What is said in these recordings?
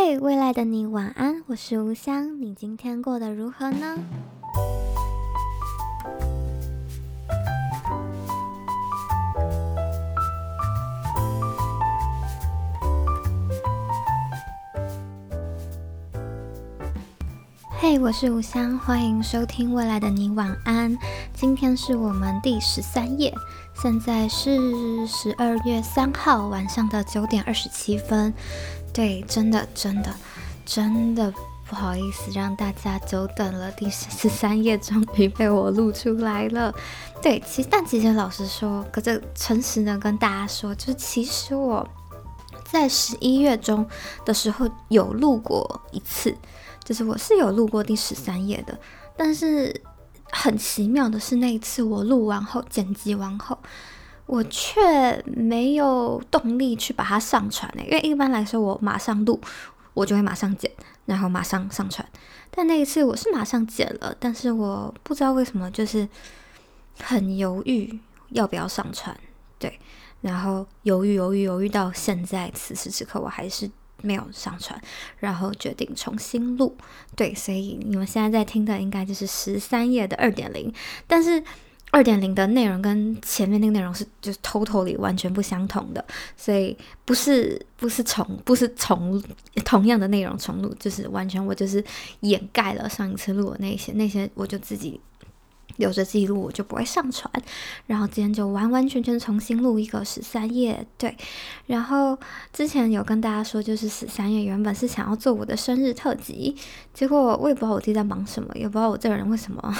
嘿，hey, 未來的你晚安，我是無香，你今天過得如何呢？嘿，hey, 我是無香，歡迎收聽《未來的你晚安》，今天是我們第十三夜，現在是十二月三號晚上的九點二十七分。對，真的，真的，真的不好意思讓大家久等了。第十三夜終於被我錄出來了。對，其實但其實老實說，哥這誠實的跟大家說，就是其實我在十一月中的時候有錄過一次，就是我是有錄過第十三夜的。但是很奇妙的是，那一次我錄完後剪輯完後，我卻沒有動力去把它上傳誒、欸，因為一般來說我馬上錄，我就會馬上剪，然後馬上上傳。但那一次我是馬上剪了，但是我不知道為什麼就是很猶豫要不要上傳，對，然後猶豫猶豫猶豫到現在此時此刻我還是沒有上傳，然後決定重新錄。對，所以你們現在在聽的應該就是十三夜的二點零，但是。二點零的內容跟前面那個內容是就是 totally 完全不相同的，所以不是不是重不是重同樣的內容重錄，就是完全我就是掩蓋了上一次錄的那些那些，我就自己留着記錄，我就不會上傳。然後今天就完完全全重新錄一個十三夜，對。然後之前有跟大家說，就是十三夜原本是想要做我的生日特輯，結果我也不知道我自己在忙什麼，也不知道我這個人為什麼。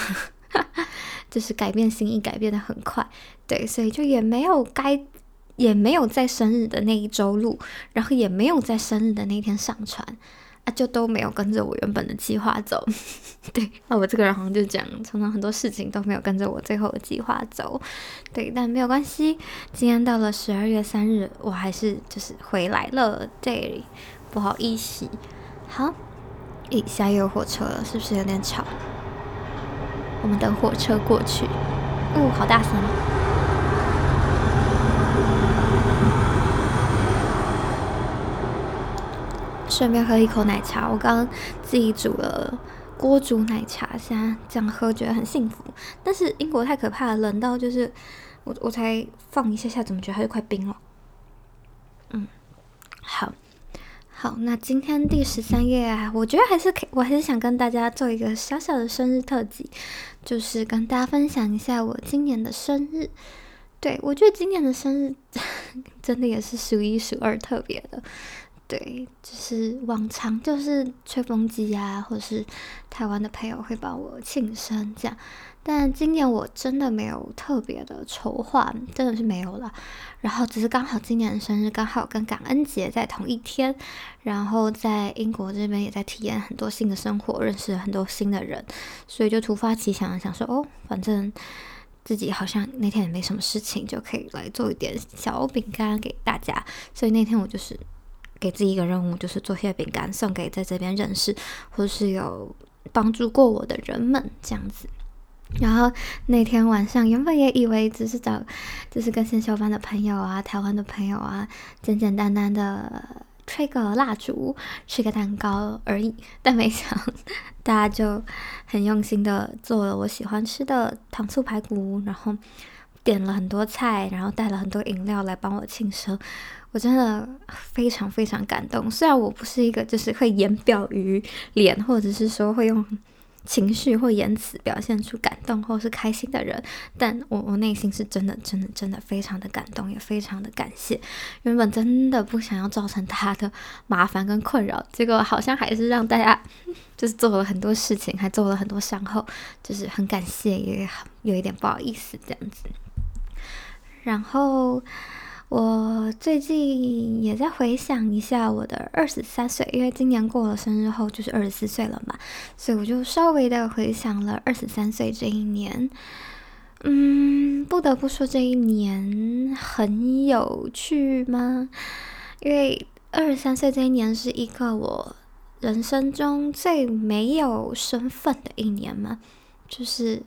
哈哈， 就是改變心意改變得很快，對，所以就也沒有該，也沒有在生日的那一週錄，然後也沒有在生日的那天上傳，啊，就都沒有跟着我原本的計劃走， 對，那我這個人好像就這樣，常常很多事情都沒有跟着我最後的計劃走，對，但沒有關係，今天到了十二月三日，我還是就是回來了這裡，不好意思，好，咦、欸，現在又有火車了，是不是有點吵？我們等火車過去。嗚、哦，好大聲！順便喝一口奶茶，我剛剛自己煮了鍋煮奶茶，現在這樣喝覺得很幸福。但是英國太可怕了，冷到就是我，我才放一下下，怎麼覺得它就快冰了？嗯，好，好，那今天第十三夜啊，我覺得還是可以，我還是想跟大家做一個小小的生日特輯。就是跟大家分享一下我今年的生日，對，我覺得今年的生日呵呵真的也是數一數二特別的。對，就是往常就是吹風機啊，或者是台灣的朋友會幫我慶生這樣。但今年我真的沒有特別的籌劃，真的是沒有了。然後只是剛好今年的生日剛好跟感恩節在同一天，然後在英國這邊也在體驗很多新的生活，認識很多新的人，所以就突發奇想，想說哦，反正自己好像那天也沒什麼事情，就可以來做一點小餅乾給大家。所以那天我就是。給自己一個任務，就是做些餅乾送給在這邊認識或是有幫助過我的人們，這樣子。然後那天晚上，原本也以為只是找，就是跟先修班的朋友啊、台灣的朋友啊，簡簡單單的吹個蠟燭、吃個蛋糕而已。但沒想大家就很用心的做了我喜歡吃的糖醋排骨，然後點了很多菜，然後帶了很多飲料來幫我慶生。我真的非常非常感動，雖然我不是一個就是會言表於臉，或者是說會用情緒或言辭表現出感動或是開心的人，但我我內心是真的真的真的非常的感動，也非常的感謝。原本真的不想要造成他的麻煩跟困擾，結果好像還是讓大家就是做了很多事情，還做了很多善後，就是很感謝，也很有一點不好意思這樣子。然後，我最近也在回想一下我的二十三歲，因為今年過了生日後就是二十四歲了嘛，所以我就稍微的回想了二十三歲這一年。嗯，不得不說這一年很有趣嗎？因為二十三歲這一年是一個我人生中最沒有身份的一年嘛，就是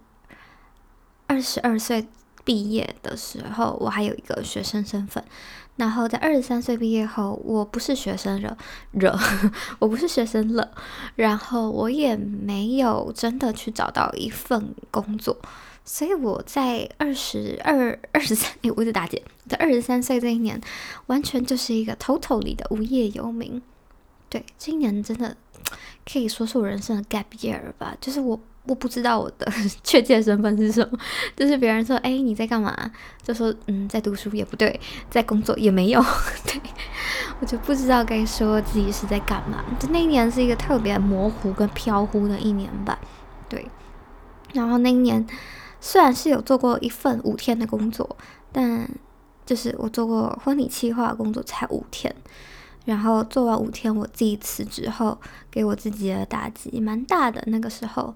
二十二歲。畢業的時候，我還有一個學生身份。然後在二十三歲畢業後，我不是學生了，了，我不是學生了。然後我也沒有真的去找到一份工作，所以我在二十二、二十三，哎，我就大姐，在二十三歲這一年，完全就是一個 totally 的無業遊民。對，今年真的可以說是我人生的 gap year 吧，就是我。我不知道我的確切身份是什麼？就是別人說，哎、欸，你在幹嘛、啊？就說，嗯，在讀書也不對，在工作也沒有，對，我就不知道該說自己是在幹嘛。就那一年是一個特別模糊跟飄忽的一年吧，對。然後那一年雖然是有做過一份五天的工作，但就是我做過婚禮企劃工作才五天，然後做完五天我自己辭職後，給我自己的打擊蠻大的。那個時候。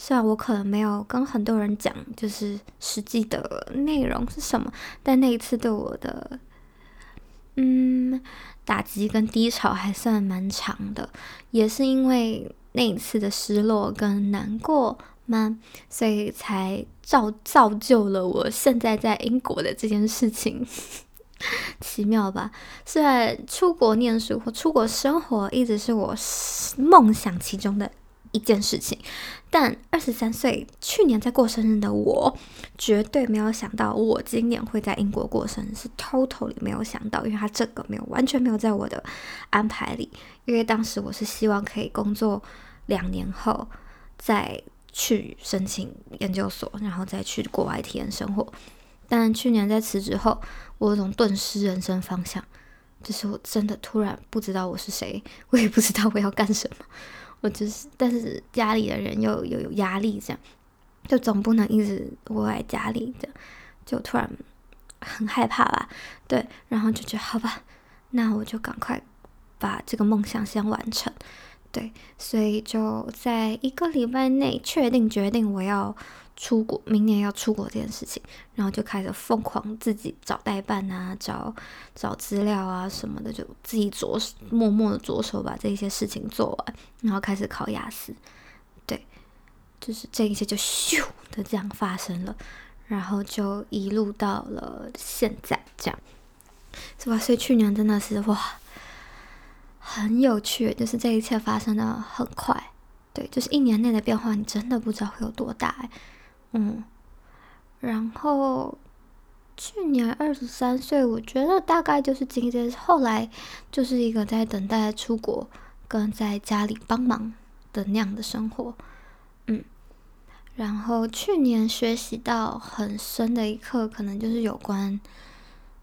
雖然我可能沒有跟很多人講，就是實際的內容是什麼，但那一次對我的，嗯，打擊跟低潮還算蠻長的，也是因為那一次的失落跟難過嘛，所以才造造就了我現在在英國的這件事情， 奇妙吧？雖然出國念書或出國生活一直是我夢想其中的。一件事情，但二十三歲去年在過生日的我，絕對沒有想到我今年會在英國過生日。是 totally 沒有想到，因為他這個沒有完全沒有在我的安排裡，因為當時我是希望可以工作兩年後再去申請研究所，然後再去國外體驗生活。但去年在辭職後，我有種頓失人生方向，就是我真的突然不知道我是誰，我也不知道我要幹什麼。我只、就是，但是家裡的人又又有，有壓力，這樣，就總不能一直窩在家裡，這樣，就突然很害怕吧？對，然後就覺得好吧，那我就趕快把這個夢想先完成，對，所以就在一個禮拜內確定決定我要。出國，明年要出國這件事情，然後就開始瘋狂自己找代辦啊，找找資料啊什麼的，就自己着手默默的着手把這些事情做完，然後開始考雅思。對，就是這一切就咻的這樣發生了，然後就一路到了現在這樣，是吧？所以去年真的是哇，很有趣，就是這一切發生的很快，對，就是一年內的變化，你真的不知道會有多大哎、欸。嗯，然後去年二十三歲，我覺得大概就是今天，後來，就是一個在等待出國跟在家裡幫忙的那樣的生活。嗯，然後去年學習到很深的一課，可能就是有關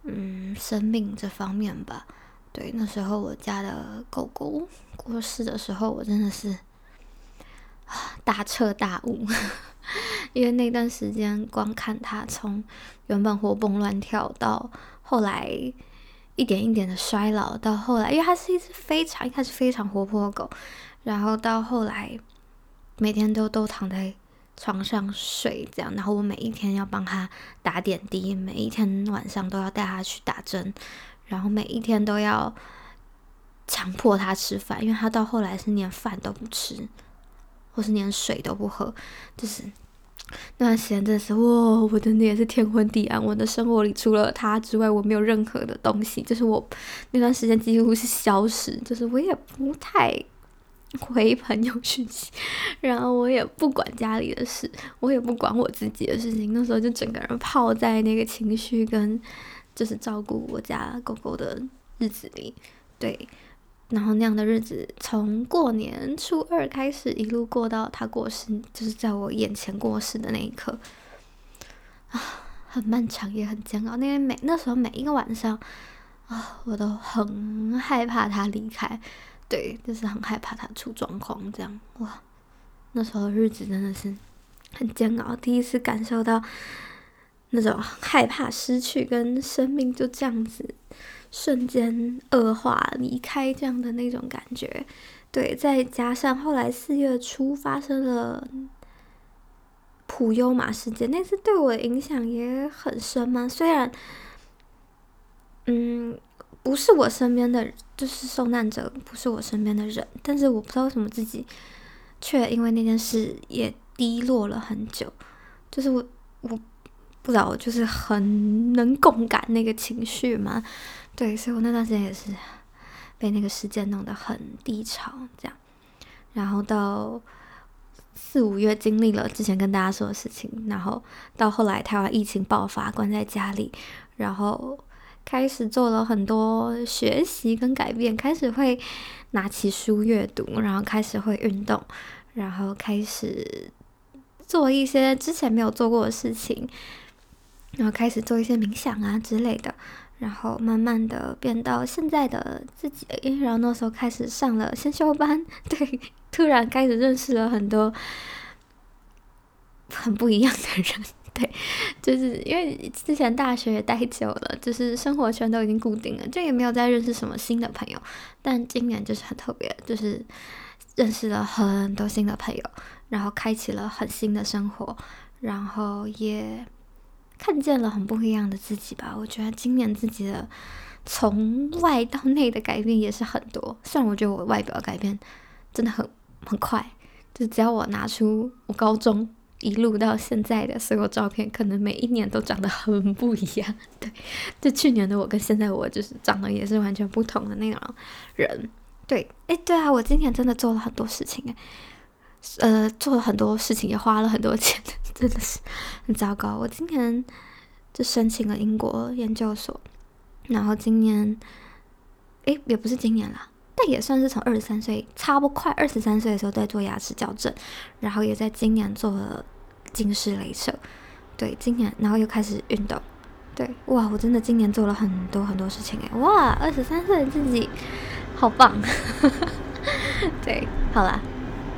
嗯生命這方面吧。對，那時候我家的狗狗過世的時候，我真的是。大徹大悟，因為那段時間光看他，從原本活蹦亂跳到後來一點一點的衰老，到後來，因為他是一隻非常一開始非常活潑的狗，然後到後來每天都都躺在床上睡這樣，然後我每一天要幫他打點滴，每一天晚上都要帶他去打針，然後每一天都要強迫他吃飯，因為他到後來是連飯都不吃。或是連水都不喝，就是那段時間，真的是，哇，我真的也是天昏地暗。我的生活裡除了他之外，我沒有任何的東西。就是我那段時間幾乎是消失，就是我也不太回朋友訊息，然後我也不管家裡的事，我也不管我自己的事情。那時候就整個人泡在那個情緒跟就是照顧我家狗狗的日子裡，對。然後那樣的日子，從過年初二開始，一路過到他過世，就是在我眼前過世的那一刻，啊，很漫長，也很煎熬。因為每那時候每一個晚上，啊，我都很害怕他離開，對，就是很害怕他出狀況。這樣，哇，那時候日子真的是很煎熬，第一次感受到那種害怕失去跟生命就這樣子。瞬間惡化，離開這樣的那種感覺，對，再加上後來四月初發生了普悠瑪事件，那次對我影響也很深嘛。雖然，嗯，不是我身邊的，就是受難者，不是我身邊的人，但是我不知道為什麼自己卻因為那件事也低落了很久。就是我，我不知道，就是很能共感那個情緒嘛。對，所以我那段時間也是被那個事件弄得很低潮，這樣。然後到四五月經歷了之前跟大家說的事情，然後到後來台灣疫情爆發，關在家裡，然後開始做了很多學習跟改變，開始會拿起書閱讀，然後開始會運動，然後開始做一些之前沒有做過的事情，然後開始做一些冥想啊之類的。然後慢慢的變到現在的自己，然後那時候開始上了先修班，對，突然開始認識了很多很不一樣的人，對，就是因為之前大學也待久了，就是生活圈都已經固定了，就也沒有再認識什麼新的朋友。但今年就是很特別，就是認識了很多新的朋友，然後開啟了很新的生活，然後也。看見了很不一樣的自己吧？我覺得今年自己的從外到內的改變也是很多。雖然我覺得我外表改變真的很很快，就只要我拿出我高中一路到現在的所有照片，可能每一年都長得很不一樣。對，就去年的我跟現在我就是長得也是完全不同的那樣人。對，哎，對啊，我今年真的做了很多事情，誒，呃，做了很多事情也花了很多錢。真的是很糟糕。我今年就申請了英國研究所，然後今年，哎、欸，也不是今年啦，但也算是從二十三歲，差不多快二十三歲的時候在做牙齒矯正，然後也在今年做了近視雷射。對，今年，然後又開始運動。對，哇，我真的今年做了很多很多事情、欸，誒。哇，二十三歲的自己，好棒！ 對，好啦，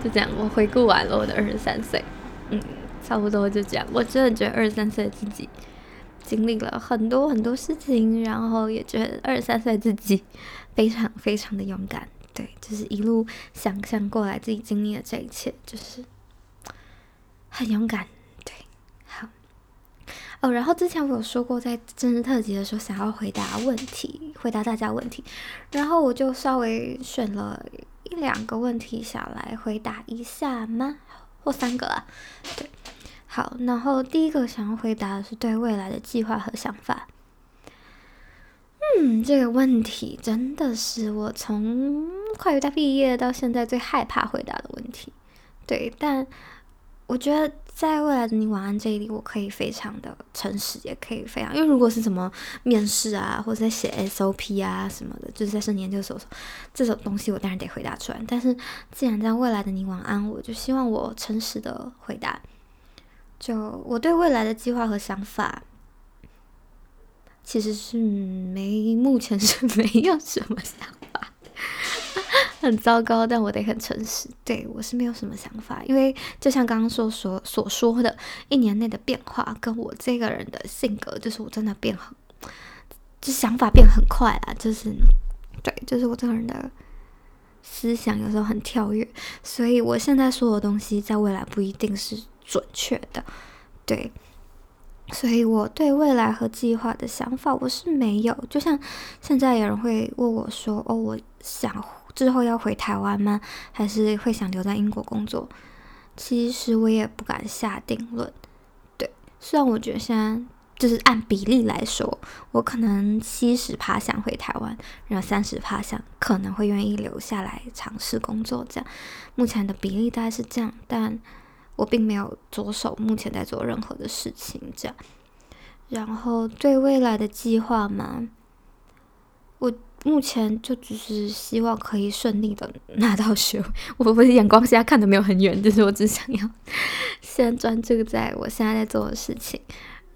就這樣，我回顧完了我的二十三歲，嗯。差不多就這樣，我真的覺得二十三歲的自己經歷了很多很多事情，然後也覺得二十三歲自己非常非常的勇敢。對，就是一路想象過來自己經歷了這一切，就是很勇敢。對，好。哦，然後之前我有說過，在生日特輯的時候想要回答問題，回答大家問題，然後我就稍微選了一兩個問題想來回答一下嗎？或三個？啊。對。好，然後第一個想要回答的是對未來的計劃和想法。嗯，這個問題真的是我從快要大畢業到現在最害怕回答的問題。對，但我覺得在未來的你晚安這裡，我可以非常的誠實，也可以非常，因為如果是什麼面試啊，或者在寫 SOP 啊什麼的，就是在申請研究所時候這種東西，我當然得回答出來。但是既然在未來的你晚安，我就希望我誠實的回答。就我對未來的計劃和想法，其實是沒，目前是沒有什麼想法的，很糟糕。但我得很誠實，對，我是沒有什麼想法，因為就像剛剛說所所說的一年內的變化，跟我這個人的性格，就是我真的變很，就想法變很快啦。就是，對，就是我這個人的思想有時候很跳躍，所以我現在說的東西，在未來不一定是。準確的，對，所以我對未來和計劃的想法，我是沒有。就像現在有人會問我說：“哦，我想之後要回台灣嗎？還是會想留在英國工作？”其實我也不敢下定論。對，雖然我覺得現在就是按比例來說，我可能七十趴想回台灣，然後三十趴想可能會願意留下來嘗試工作，這樣目前的比例大概是這樣，但。我並沒有着手目前在做任何的事情，這樣。然後對未來的計劃嘛，我目前就只是希望可以順利的拿到學位。我的眼光現在看的沒有很遠，就是我只想要先專注在我現在在做的事情。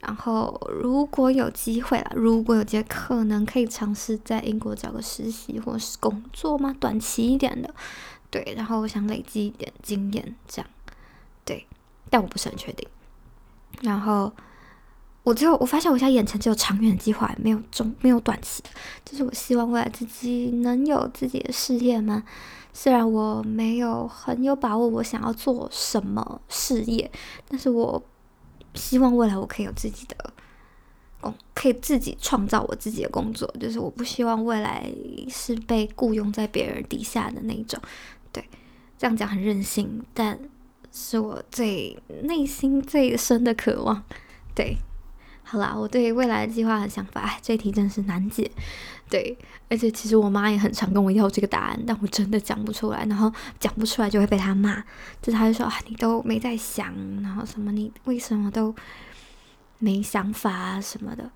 然後如果有機會了，如果有機會，可能可以嘗試在英國找個實習或是工作嘛，短期一點的，對。然後我想累積一點經驗，這樣。對，但我不是很確定。然後，我最後我發現我現在眼前只有長遠計劃，沒有中，沒有短期。就是我希望未來自己能有自己的事業嗎？雖然我沒有很有把握，我想要做什麼事業，但是我希望未來我可以有自己的工，可以自己創造我自己的工作。就是我不希望未來是被僱傭在別人底下的那一種。對，這樣講很任性，但。是我最內心最深的渴望，對，好啦，我對未來的計劃和想法，哎、這題真是難解，對，而且其實我媽也很常跟我要這個答案，但我真的講不出來，然後講不出來就會被她罵，就是、她就說啊，你都沒在想，然後什麼你為什麼都沒想法、啊、什麼的，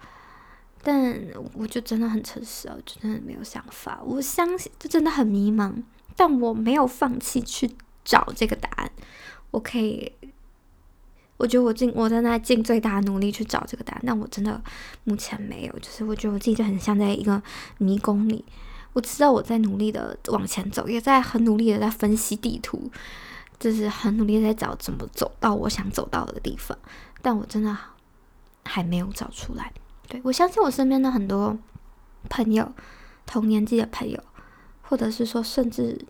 但我就真的很誠實哦，我就真的沒有想法，我相信這真的很迷茫，但我沒有放棄去找這個答案。我可以，我覺得我盡我在那盡最大努力去找這個答案，但我真的目前沒有，就是我覺得我自己就很像在一個迷宮裡，我知道我在努力的往前走，也在很努力的在分析地圖，就是很努力的在找怎麼走到我想走到的地方，但我真的還沒有找出來。對，我相信我身邊的很多朋友，同年紀的朋友，或者是說甚至。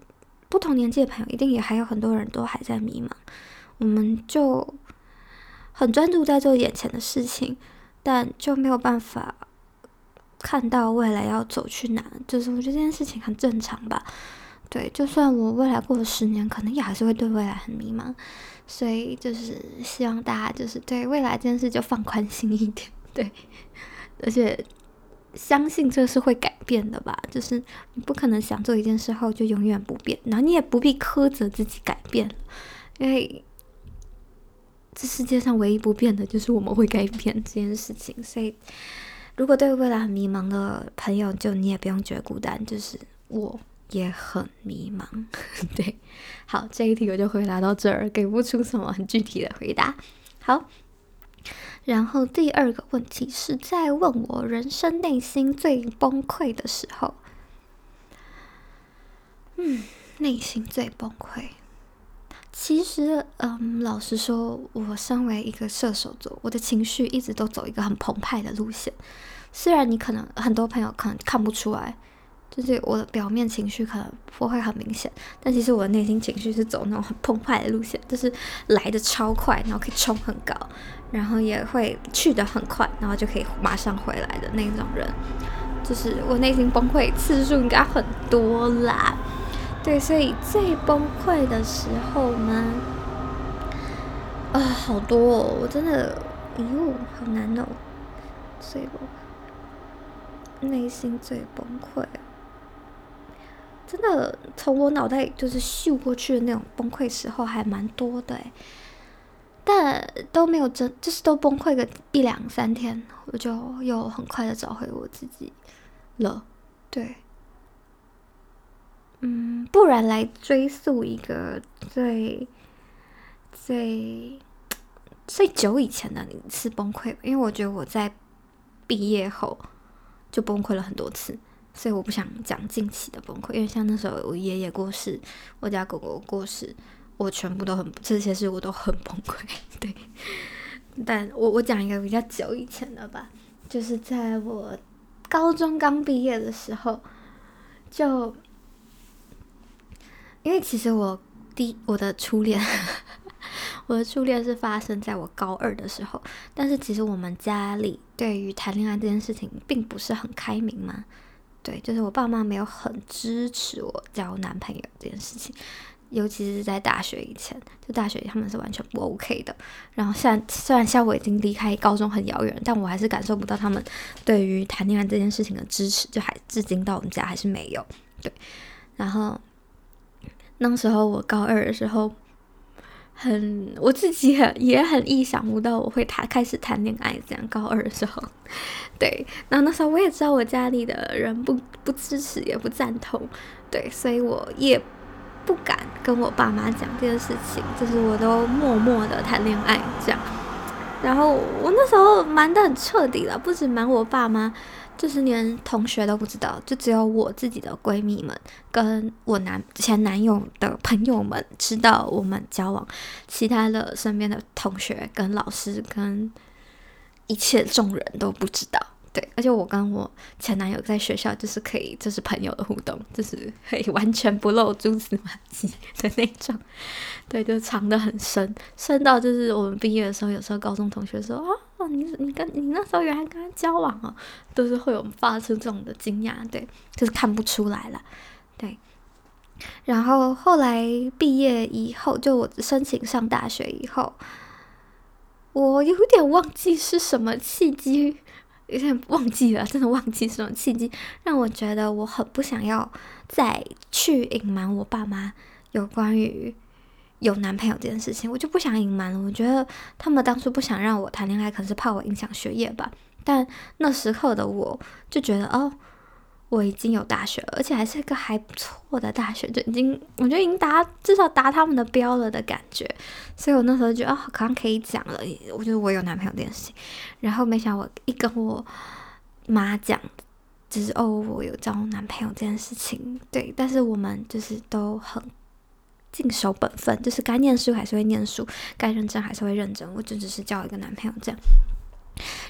不同年紀的朋友，一定也還有很多人都還在迷茫，我們就很專注在做眼前的事情，但就沒有辦法看到未來要走去哪。就是我覺得這件事情很正常吧，對，就算我未來過了十年，可能也還是會對未來很迷茫，所以就是希望大家就是對未來這件事就放寬心一點，對，而且相信這是會改。變的吧，就是你不可能想做一件事後就永遠不變，然後你也不必苛責自己改變，因為這世界上唯一不變的就是我們會改變這件事情。 所以，如果對未來很迷茫的朋友，就你也不用覺得孤單，就是我也很迷茫。 對，好，這一題我就回答到這兒，給不出什麼很具體的回答。好。然後第二個問題是在問我人生內心最崩潰的時候。嗯，內心最崩潰。其實，嗯，老實說，我身為一個射手座，我的情緒一直都走一個很澎湃的路線。雖然你可能，很多朋友可能看不出來。就是我的表面情緒可能不會很明顯，但其實我的內心情緒是走那種很澎湃的路線，就是來的超快，然後可以衝很高，然後也會去的很快，然後就可以馬上回來的那種人。就是我內心崩潰次數應該很多啦，對，所以最崩潰的時候呢，啊、呃，好多、哦，我真的，哎、嗯、呦、哦，好難哦，所以我內心最崩潰。真的，從我腦袋就是秀過去的那種崩潰時候還蠻多的，但都沒有真，就是都崩潰個一兩三天，我就又很快的找回我自己了。對，嗯，不然來追溯一個最最最久以前的一次崩潰，因為我覺得我在畢業後就崩潰了很多次。所以我不想講近期的崩潰，因為像那時候我爺爺過世，我家狗狗過世，我全部都很，這些事我都很崩潰。對，但我我講一個比較久以前的吧，就是在我高中剛畢業的時候，就，因為其實我第，我的初戀，我的初戀是發生在我高二的時候，但是其實我們家裡對於談戀愛這件事情並不是很開明嘛。對，就是我爸媽沒有很支持我交男朋友這件事情，尤其是在大學以前，就大學他們是完全不 OK 的。然後雖然雖然像我已經離開高中很遙遠，但我還是感受不到他們對於談戀愛這件事情的支持，就還至今到我們家還是沒有。對，然後那時候我高二的時候。很，我自己很也，也很意想不到，我會談開始談戀愛這樣。高二的時候，對，然後那時候我也知道我家裡的人不不支持也不贊同，對，所以我也不敢跟我爸媽講這件事情，就是我都默默的談戀愛這樣。然後我那時候瞞得很徹底了，不止瞞我爸媽。就是連同學都不知道，就只有我自己的閨蜜們跟我男，前男友的朋友們知道我們交往，其他的身邊的同學跟老師跟一切眾人都不知道。對，而且我跟我前男友在學校就是可以，就是朋友的互動，就是可以完全不露蛛絲馬迹的那一種。對，就藏得很深，深到就是我們畢業的時候，有時候高中同學說啊、哦，你你跟你那時候原來跟他交往哦，都是會有發出這種的驚訝，對，就是看不出來了。對，然後後來畢業以後，就我申請上大學以後，我有點忘記是什麼契機。有點忘記了，真的忘記這種契機，讓我覺得我很不想要再去隱瞞我爸媽有關於有男朋友這件事情，我就不想隱瞞了。我覺得他們當初不想讓我談戀愛，可能是怕我影響學業吧。但那時候的我就覺得，哦。我已經有大學了，而且還是一個還不錯的大學，就已經我覺得已經達至少達他們的標了的感覺。所以我那時候就覺得哦，好像可以講了，我覺得我有男朋友這件事情，然後沒想到我一跟我媽講，就是哦，我有交男朋友這件事情。對，但是我們就是都很盡守本分，就是該念書還是會念書，該認真還是會認真。我就只是交一個男朋友這樣。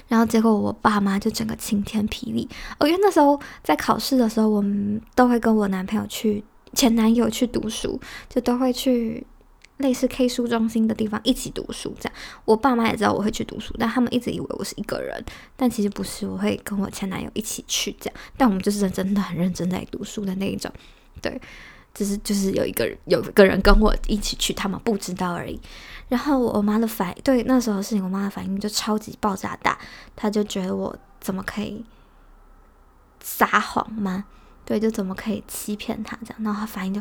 然後結果我爸媽就整個晴天霹靂。我、哦、因為那時候在考試的時候，我們都會跟我男朋友去前男友去讀書，就都會去類似 K 書中心的地方一起讀書這樣。我爸媽也知道我會去讀書，但他們一直以為我是一個人，但其實不是，我會跟我前男友一起去這樣。但我們就是真的很認真在讀書的那一種，對。只是就是有一個人有一個人跟我一起去，他們不知道而已。然後我媽的反應，對，那時候是我媽的反應就超級爆炸大。她就覺得我怎麼可以撒謊嗎？對，就怎麼可以欺騙她這樣？然後她反應就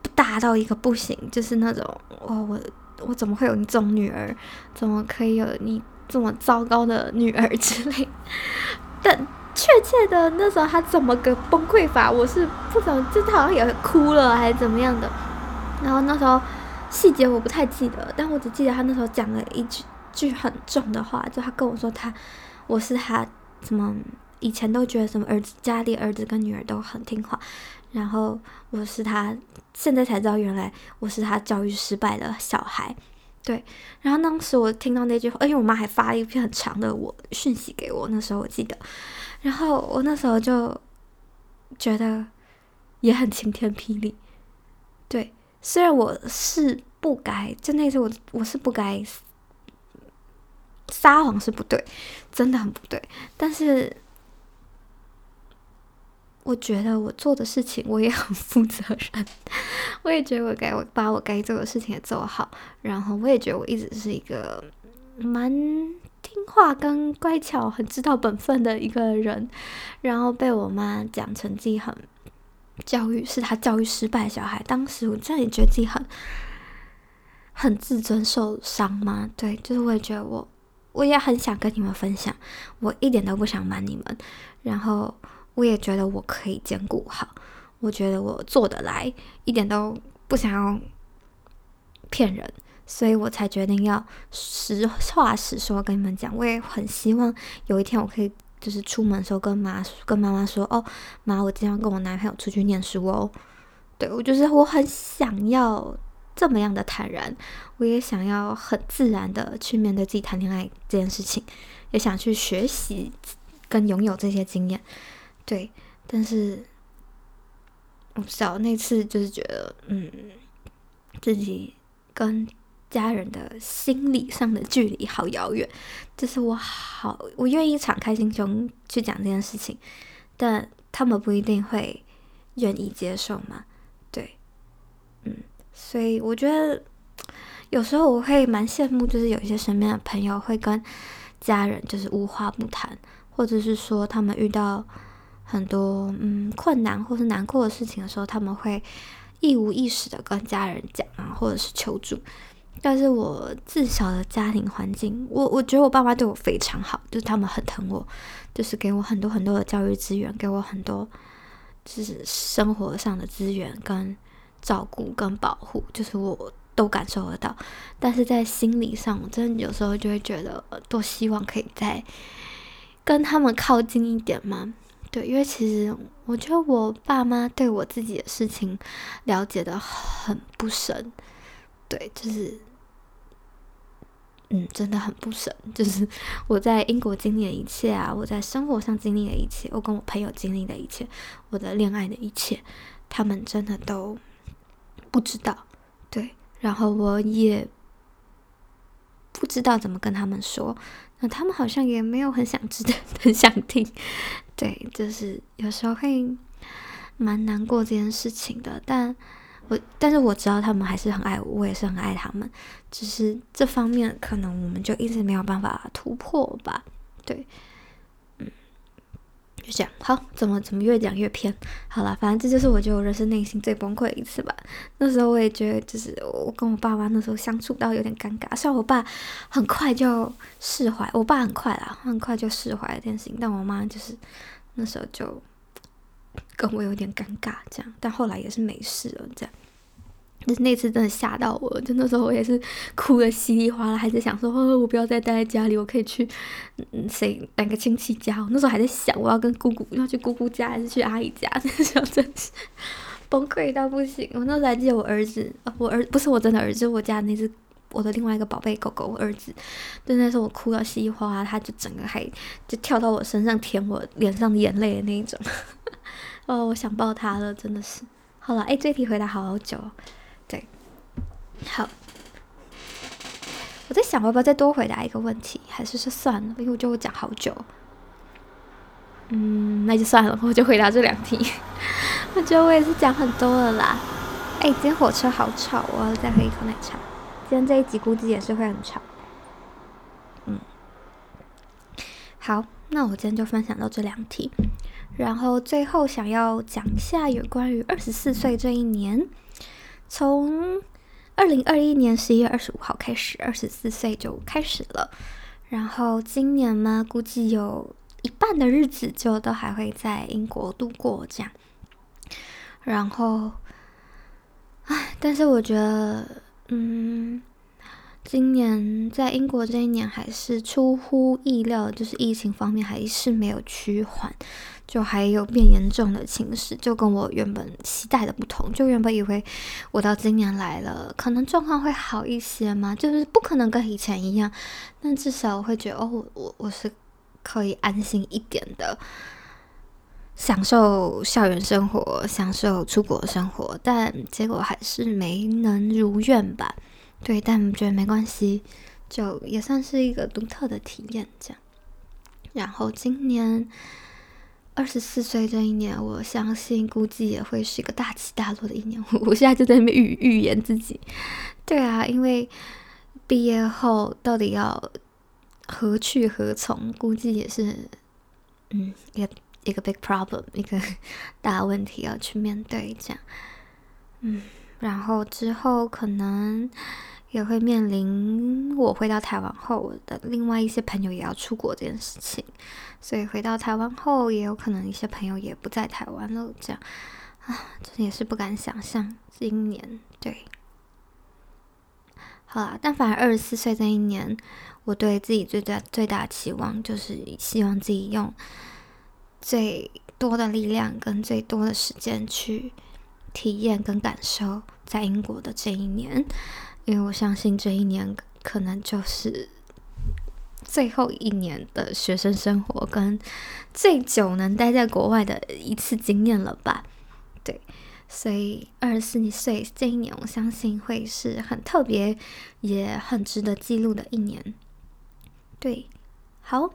不大到一個不行，就是那種、哦、我、我我怎麼會有你這種女兒？怎麼可以有你這麼糟糕的女兒之類？但。確切的那時候他怎麼個崩潰法，我是不知道，就是、他好像也哭了還是怎麼樣的，然後那時候細節我不太記得，但我只記得他那時候講了一句句很重的話，就他跟我說他，我是他什麼以前都覺得什麼兒子家裡兒子跟女兒都很聽話，然後我是他現在才知道原來我是他教育失敗的小孩，對，然後當時我聽到那句話，欸、因為我媽還發了一篇很長的我訊息給我，那時候我記得。然後我那時候就覺得也很晴天霹靂，對，雖然我是不該，就那次我我是不該撒謊是不對，真的很不對，但是我覺得我做的事情我也很負責任，我也覺得我該我把我該做的事情也做好，然後我也覺得我一直是一個蠻聽話跟乖巧，很知道本分的一個人，然後被我媽講成自己很教育，是她教育失敗小孩。當時我真的也覺得自己很很自尊受傷嗎？對，就是我也覺得我我也很想跟你們分享，我一點都不想瞞你們，然後我也覺得我可以兼顧好，我覺得我做得來，一點都不想要騙人。所以我才決定要實話實說跟你們講，我也很希望有一天我可以就是出門的時候跟媽跟媽媽說哦，媽，我經常跟我男朋友出去念書哦。對，我就是我很想要這麼樣的坦然，我也想要很自然的去面對自己談戀愛這件事情，也想去學習跟擁有這些經驗。對，但是我不知道那次就是覺得嗯，自己跟家人的心理上的距離好遙遠，就是我好，我願意敞開心胸去講這件事情，但他們不一定會願意接受嘛。對，嗯，所以我覺得有時候我會蠻羨慕，就是有一些身邊的朋友會跟家人就是無話不談，或者是說他們遇到很多嗯困難或是難過的事情的時候，他們會一五一十的跟家人講啊，或者是求助。但是我自小的家庭環境，我我覺得我爸媽對我非常好，就是他們很疼我，就是給我很多很多的教育資源，給我很多就是生活上的資源跟照顧跟保護，就是我都感受得到。但是在心理上，我真的有時候就會覺得，多希望可以再跟他們靠近一點嘛。對，因為其實我覺得我爸媽對我自己的事情了解得很不深。對，就是，嗯，真的很不捨。就是我在英國經歷的一切啊，我在生活上經歷的一切，我跟我朋友經歷的一切，我的戀愛的一切，他們真的都不知道。對，然後我也不知道怎麼跟他們說，那他們好像也沒有很想知道，很想聽。對，就是有時候會蠻難過這件事情的，但。我但是我知道他們還是很愛我，我也是很愛他們，只是這方面可能我們就一直沒有辦法突破吧。對，嗯，就這樣。好，怎麼怎麼越講越偏？好了，反正這就是我覺得我人生內心最崩潰的一次吧。那時候我也覺得，就是我跟我爸媽那時候相處到有點尷尬。雖然我爸很快就釋懷，我爸很快啦，很快就釋懷了這件事情。但我媽就是那時候就跟我有點尷尬，這樣。但後來也是沒事了，這樣。就是那次真的嚇到我，就那時候我也是哭的稀里嘩啦，還在想說、哦，我不要再待在家裡，我可以去嗯誰哪個親戚家。我那時候還在想，我要跟姑姑，要去姑姑家還是去阿姨家？那時候真的是崩潰到不行。我那時候還記得我兒子，我兒不是我真的兒子，是我家那只我的另外一個寶貝狗狗我兒子。就那時候我哭到稀里嘩啦，他就整個還就跳到我身上舔我臉上的眼淚的那一種。 哦，我想抱他了，真的是。好了，誒、欸，這一題回答好，好久。對，好，我在想我要不要再多回答一個問題，還是說算了，因為我覺得我講好久。嗯，那就算了，我就回答這兩題。我覺得我也是講很多了啦。哎，今天火車好吵，我要再喝一口奶茶。今天這一集估計也是會很吵。嗯，好，那我今天就分享到這兩題。然後最後想要講一下有關於二十四歲這一年。從二零二一年十一月二十五號開始，二十四歲就開始了。然後今年嘛，估計有一半的日子就都還會在英國度過這樣。然後，唉，但是我覺得，嗯。今年在英國這一年還是出乎意料，就是疫情方面還是沒有趨緩，就還有變嚴重的情勢，就跟我原本期待的不同。就原本以為我到今年來了，可能狀況會好一些嘛，就是不可能跟以前一樣，但至少我會覺得哦，我我我是可以安心一點的，享受校園生活，享受出國生活，但結果還是沒能如願吧。對，但我覺得沒關係，就也算是一個獨特的體驗，這樣。然後今年二十四歲這一年，我相信估計也會是一個大起大落的一年。我我現在就在那邊預預言自己，對啊，因為畢業後到底要何去何從，估計也是，嗯，一個一個 big problem，一個大問題要去面對，這樣。嗯，然後之後可能。也會面臨，我回到台灣後我的另外一些朋友也要出國這件事情，所以回到台灣後，也有可能一些朋友也不在台灣了。這樣啊，這也是不敢想象。今年對，好啦，但反正二十四歲這一年，我對自己最大最大的期望就是希望自己用最多的力量跟最多的時間去體驗跟感受在英國的這一年。因為我相信這一年可能就是最後一年的學生生活，跟最久能待在國外的一次經驗了吧？對，所以二十四歲這一年，我相信會是很特別，也很值得記錄的一年。對，好，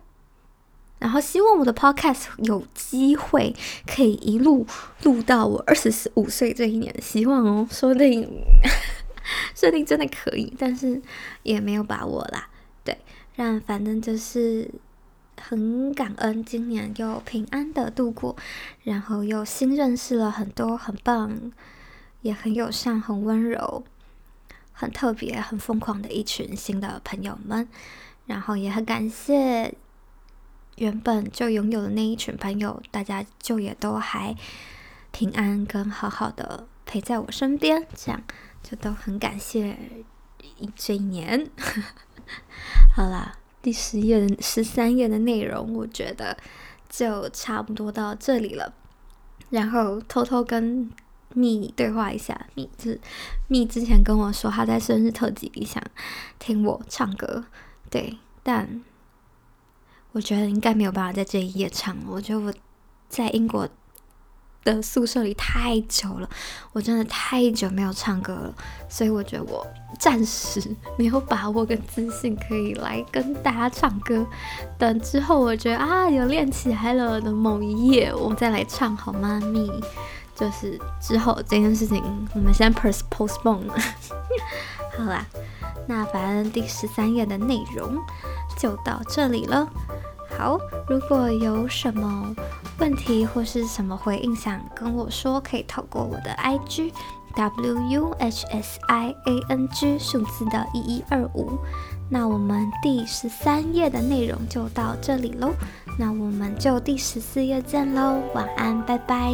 然後希望我的 podcast 有機會可以一路錄到我二十五歲這一年，希望哦，說不定。設定真的可以，但是也沒有把握啦。對，但反正就是很感恩，今年又平安的度過，然後又新認識了很多很棒、也很友善、很溫柔、很特別、很瘋狂的一群新的朋友們。然後也很感謝原本就擁有的那一群朋友，大家就也都還平安跟好好的陪在我身邊，這樣。就都很感謝你，這一年。 好啦，第十夜的十三夜的內容，我覺得就差不多到這裡了。然後偷偷跟蜜對話一下，蜜之、就是、蜜之前跟我說他在生日特輯裡想聽我唱歌，對，但我覺得應該沒有辦法在這一夜唱，我覺得我在英國。的宿舍裡太久了，我真的太久沒有唱歌了，所以我覺得我暫時沒有把握跟自信可以來跟大家唱歌。等之後我覺得啊有練起來了的某一夜，我們再來唱好嗎？咪，就是之後這件事情我們先 p r s postpone 好啦，那反正第十三夜的內容就到這裡了。好，如果有什麼問題或是什麼回應想跟我說，可以透過我的 IG WUHSIANG 數字的一一二五。那我們第十三夜的內容就到這裡嘍，那我們就第十四夜見嘍，晚安，拜拜。